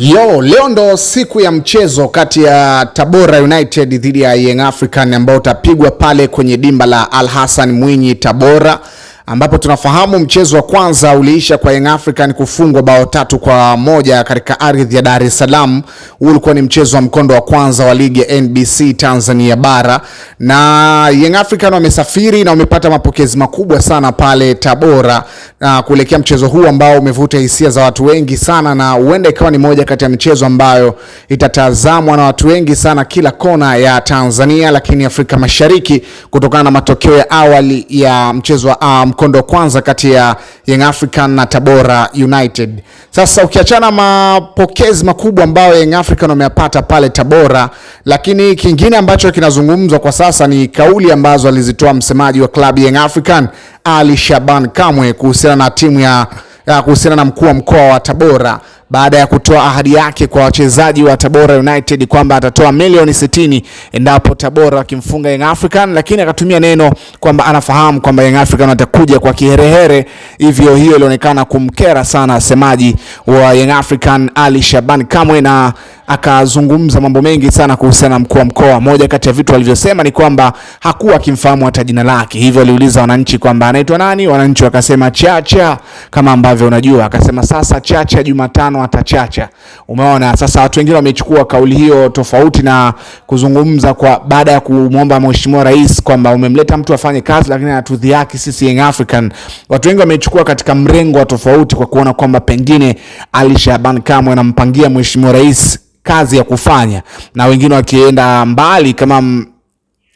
Yo, leo ndo siku ya mchezo kati ya Tabora United dhidi ya Young African ambao utapigwa pale kwenye dimba la Al Hassan Mwinyi Tabora ambapo tunafahamu mchezo wa kwanza uliisha kwa Young African kufungwa bao tatu kwa moja katika ardhi ya Dar es Salaam. Huu ulikuwa ni mchezo wa mkondo wa kwanza wa ligi ya NBC Tanzania bara, na Young African wamesafiri na wamepata mapokezi makubwa sana pale Tabora na kuelekea mchezo huu ambao umevuta hisia za watu wengi sana, na huenda ikawa ni moja kati ya michezo ambayo itatazamwa na watu wengi sana kila kona ya Tanzania, lakini Afrika Mashariki kutokana na matokeo ya awali ya mchezo wa um, mkondo wa kwanza kati ya Young African na Tabora United. Sasa ukiachana mapokezi makubwa ambayo Young African wameyapata pale Tabora, lakini kingine ambacho kinazungumzwa kwa sasa ni kauli ambazo alizitoa msemaji wa klabu Young African Ali Shaban Kamwe kuhusiana na timu ya Ah, kuhusiana na mkuu wa mkoa wa Tabora baada ya kutoa ahadi yake kwa wachezaji wa Tabora United kwamba atatoa milioni 60 endapo Tabora akimfunga Young African, lakini akatumia neno kwamba anafahamu kwamba Young African atakuja kwa kiherehere, hivyo hiyo ilionekana kumkera sana semaji wa Young African Ali Shaban Kamwe na akazungumza mambo mengi sana kuhusiana na mkuu wa mkoa. Moja kati ya vitu alivyosema ni kwamba hakuwa akimfahamu hata jina lake, hivyo aliuliza wananchi kwamba anaitwa nani. Wananchi wakasema Chacha, kama ambavyo unajua. Akasema sasa Chacha Jumatano atachacha. Umeona, sasa watu wengine wamechukua kauli hiyo tofauti na kuzungumza kwa baada ya kumwomba mheshimiwa rais kwamba umemleta mtu afanye kazi, lakini hatudhihaki sisi Young African. Watu wengi wamechukua katika mrengo wa tofauti kwa kuona kwamba pengine Ali Shaban Kamwe anampangia mheshimiwa rais kazi ya kufanya, na wengine wakienda mbali kama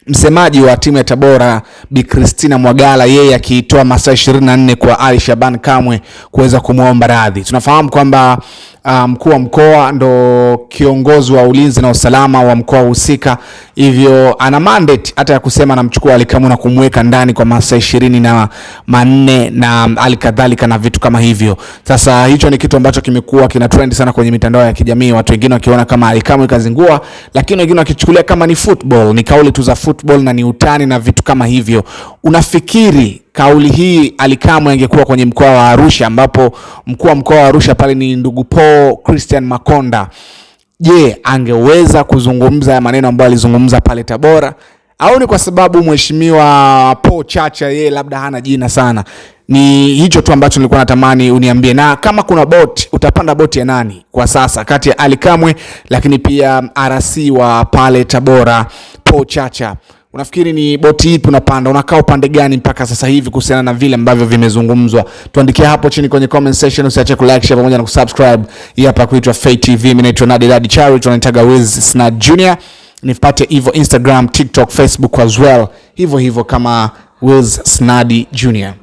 Msemaji wa timu ya Tabora Bi Christina Mwagala yeye akiitoa masaa 24 kwa Ali Shaban Kamwe kuweza kumwomba radhi. Tunafahamu kwamba uh, mkuu um, wa mkoa ndo kiongozi wa ulinzi na usalama wa mkoa husika, hivyo ana mandate hata ya kusema anamchukua Ali Kamwe na kumweka ndani kwa masaa ishirini na manne na alikadhalika na vitu kama hivyo. Sasa hicho ni kitu ambacho kimekuwa kina trend sana kwenye mitandao ya kijamii, watu wengine wakiona kama Ali Kamwe kazingua, lakini wengine wakichukulia kama ni football, ni kauli tu za football na ni utani na vitu kama hivyo. Unafikiri kauli hii Alikamwe angekuwa kwenye mkoa wa Arusha, ambapo mkuu wa mkoa wa Arusha pale ni ndugu Paul Christian Makonda, je, angeweza kuzungumza ya maneno ambayo alizungumza pale Tabora, au ni kwa sababu mheshimiwa Paul Chacha yeye labda hana jina sana? Ni hicho tu ambacho nilikuwa natamani uniambie, na kama kuna bot, utapanda boti ya nani kwa sasa kati ya Alikamwe lakini pia RC wa pale Tabora. Paul Chacha, unafikiri ni boti ipi unapanda? Unakaa upande gani mpaka sasa hivi kuhusiana na vile ambavyo vimezungumzwa? Tuandikia hapo chini kwenye comment section, usiache like share pamoja na kusubscribe. Hii hapa kuitwa Fay TV, mimi naitwa Dadi Chari, tunaitaga Wiz Sna Junior. Nipate hivyo Instagram, TikTok, Facebook as well, hivyo hivyo kama Wiz Snadi Junior.